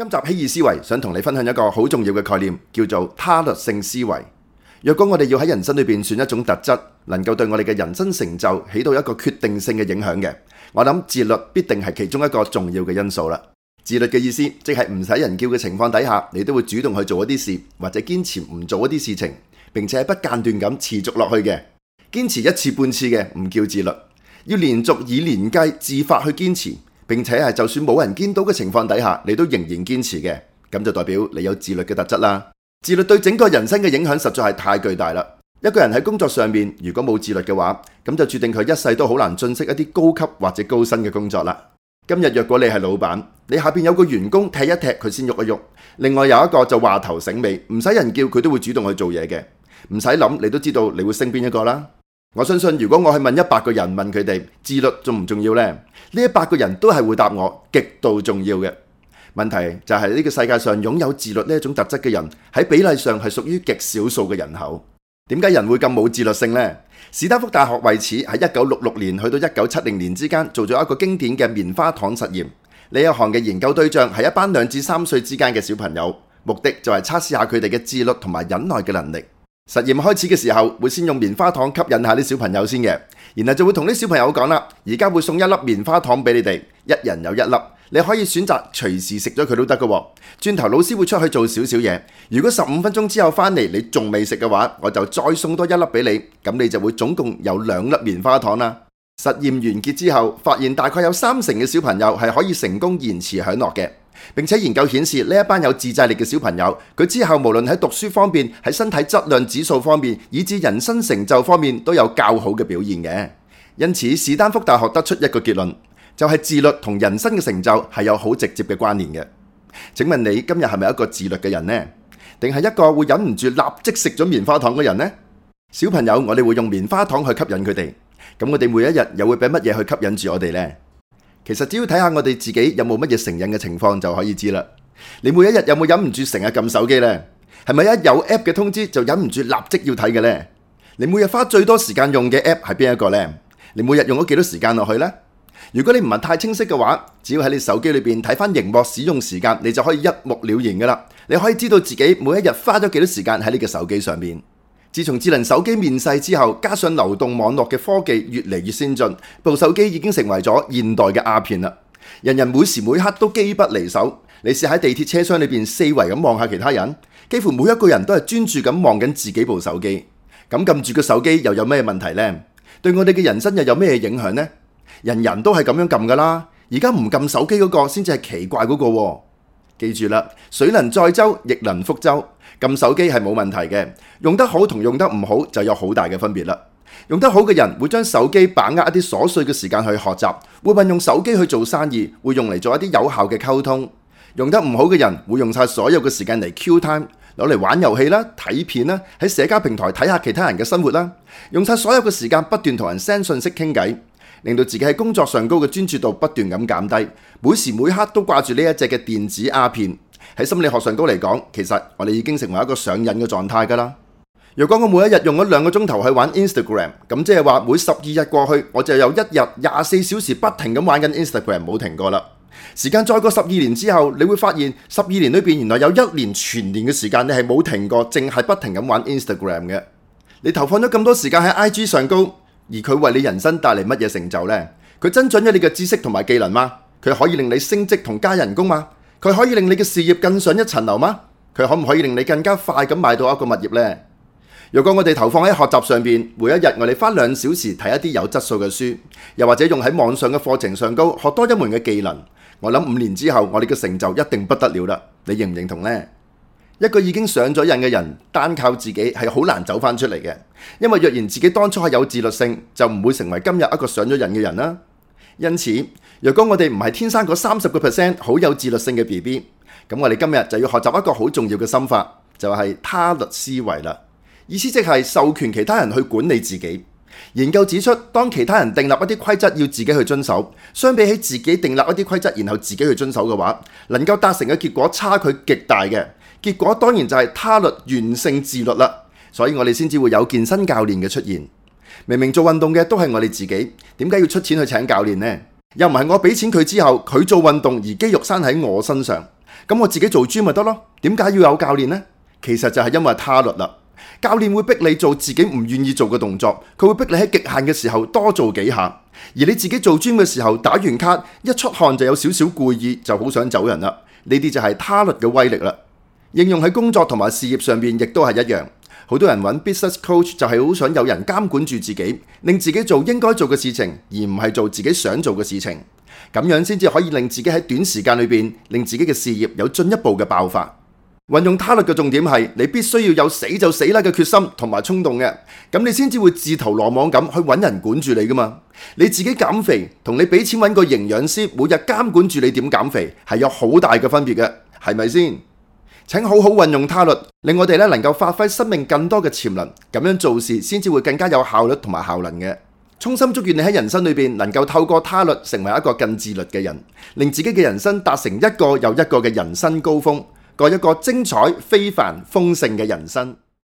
今集希爾思維，想同你分享一個好重要嘅概念，叫做他律性思維。若果我哋要喺人生裏邊選一種特質，能夠對我哋嘅人生成就起到一個決定性嘅影響嘅，我諗自律必定係其中一個重要嘅因素啦。自律嘅意思，即係唔使人叫嘅情況底下，你都會主動去做一啲事，或者堅持唔做一啲事情，並且不間斷咁持續落去嘅。堅持一次半次嘅唔叫自律，要連續以年計自發去堅持。並且係就算冇人見到嘅情況底下，你都仍然堅持嘅，咁就代表你有自律嘅特質啦。自律對整個人生嘅影響實在係太巨大啦。一個人喺工作上面如果冇自律嘅話，咁就注定佢一世都好難晉升一啲高級或者高薪嘅工作啦。今日若果你係老闆，你下邊有個員工踢一踢佢先喐一喐，另外有一個就話頭醒尾，唔使人叫佢都會主動去做嘢嘅，唔使諗你都知道你會升邊一個啦。我相信，如果我去問一百個人，問佢哋自律重唔重要呢？呢一百個人都係回答我極度重要嘅。問題就係呢個世界上擁有自律呢一種特質嘅人，喺比例上係屬於極少數嘅人口。點解人會咁冇自律性呢？史丹福大學為此喺一九六六年去到一九七零年之間做咗一個經典嘅棉花糖實驗。李有行嘅研究對象係一班兩至三歲之間嘅小朋友，目的就係測試下佢哋嘅自律同埋忍耐嘅能力。實驗開始嘅時候，會先用棉花糖吸引下啲小朋友先嘅，然後就會同啲小朋友講啦，而家會送一粒棉花糖俾你哋，一人有一粒，你可以選擇隨時食咗佢都得噶。轉頭老師會出去做少少嘢，如果十五分鐘之後返嚟，你仲未食嘅話，我就再送多一粒俾你，咁你就會總共有兩粒棉花糖啦。實驗完結之後，發現大概有三成嘅小朋友係可以成功延遲享樂嘅。並且研究顯示呢一班有自制力嘅小朋友，佢之後無論喺讀書方面、喺身體質量指數方面，以至人生成就方面都有較好嘅表現嘅。因此，史丹福大學得出一個結論，就係自律同人生嘅成就係有好直接嘅關聯嘅。請問你今日係咪一個自律嘅人呢？定係一個會忍唔住立即食咗棉花糖嘅人呢？小朋友，我哋會用棉花糖去吸引佢哋，咁我哋每一日又會俾乜嘢去吸引住我哋呢？其實只要睇下我哋自己有冇乜嘢成癮嘅情況，就可以知啦。你每一日有冇忍唔住成日撳手機呢？係咪一有 app 嘅通知就忍唔住立即要睇嘅呢？你每日花最多時間用嘅 app 係邊一個呢？你每日用咗幾多時間落去呢？如果你唔係太清晰嘅話，只要喺你手機裏邊睇翻螢幕使用時間，你就可以一目了然噶啦。你可以知道自己每一日花咗幾多時間喺你嘅手機上面。自從智能手機面世之後，加上流動網絡嘅科技越嚟越先進，部手機已經成為咗現代嘅鴉片啦。人人每時每刻都機不離手。你試喺地鐵車廂裏邊四圍咁望下其他人，幾乎每一個人都係專注咁望緊自己部手機。咁撳住個手機又有咩問題呢？對我哋嘅人生又有咩影響呢？人人都係咁樣撳噶啦，而家唔撳手機嗰個先至係奇怪嗰個。記住啦，水能載舟，亦能覆舟。撳手機係冇問題嘅，用得好同用得唔好就有好大嘅分別啦。用得好嘅人會將手機把握一啲瑣碎嘅時間去學習，會運用手機去做生意，會用嚟做一啲有效嘅溝通。用得唔好嘅人會用晒所有嘅時間嚟 Q Time，攞嚟玩遊戲啦、睇片啦、喺社交平台睇下其他人嘅生活啦，用晒所有嘅時間不斷同人 send 信息傾偈。令到自己喺工作上高嘅專注度不斷咁減低，每時每刻都掛住呢一隻嘅電子鴉片。喺心理學上高嚟講，其實我哋已經成為一個上癮嘅狀態㗎啦。如果我每一日用咗兩個鐘頭去玩 Instagram，咁即係話每十二日過去，我就有一日廿四小時不停咁玩緊 Instagram 冇停過啦。時間再過十二年之後，你會發現十二年裏邊原來有一年全年嘅時間你係冇停過，淨係不停咁玩 Instagram 嘅。你投放咗咁多時間喺 IG 上高。而佢為你人生帶嚟乜嘢成就呢？佢增長咗你嘅知識同埋技能嗎？佢可以令你升職同加人工嗎？佢可以令你嘅事業更上一層樓嗎？佢可唔可以令你更加快咁買到一個物業呢？如果我哋投放喺學習上邊，每一日我哋花兩小時睇一啲有質素嘅書，又或者用喺網上嘅課程上高學多一門嘅技能，我諗五年之後我哋嘅成就一定不得了啦！你認唔認同呢？一個已經上咗癮嘅人，單靠自己係好難走翻出嚟嘅，因為若然自己當初係有自律性，就唔會成為今日一個上咗癮嘅人啦。因此，若果我哋唔係天生嗰三十個 percent 好有自律性嘅 BB，咁我哋今日就要學習一個好重要嘅心法，就係他律思維啦。意思即係授權其他人去管理自己。研究指出，當其他人訂立一啲規則要自己去遵守，相比起自己訂立一啲規則然後自己去遵守嘅話，能夠達成嘅結果差距極大嘅。結果當然就係他律完勝自律啦，所以我哋先至會有健身教練嘅出現。明明做運動嘅都係我哋自己，點解要出錢去請教練呢？又唔係我俾錢佢之後，佢做運動而肌肉生喺我身上，咁我自己做 gym 咪得咯？點解要有教練呢？其實就係因為他律啦。教練會逼你做自己唔願意做嘅動作，佢會逼你喺極限嘅時候多做幾下，而你自己做 gym 嘅時候，打完卡一出汗就有少少攰，就好想走人啦。呢啲就係他律嘅威力啦。應用喺工作同埋事業上面亦都係一樣。好多人揾 business coach 就係好想有人監管住自己，令自己做應該做嘅事情，而唔係做自己想做嘅事情。咁樣先至可以令自己喺短時間裏邊，令自己嘅事業有進一步嘅爆發。運用他律嘅重點係，你必須要有死就死啦嘅決心同埋衝動嘅，咁你先至會自投羅網咁去揾人管住你噶嘛。你自己減肥同你俾錢揾個營養師每日監管住你點減肥，係有好大嘅分別嘅，係咪先？請好好運用他律，令我哋咧能夠發揮生命更多嘅潛能，咁樣做事先至會更加有效率同埋效能嘅。衷心祝願你喺人生裏邊能夠透過他律成為一個更自律嘅人，令自己嘅人生達成一個又一個嘅人生高峰，過一個精彩非凡豐盛嘅人生。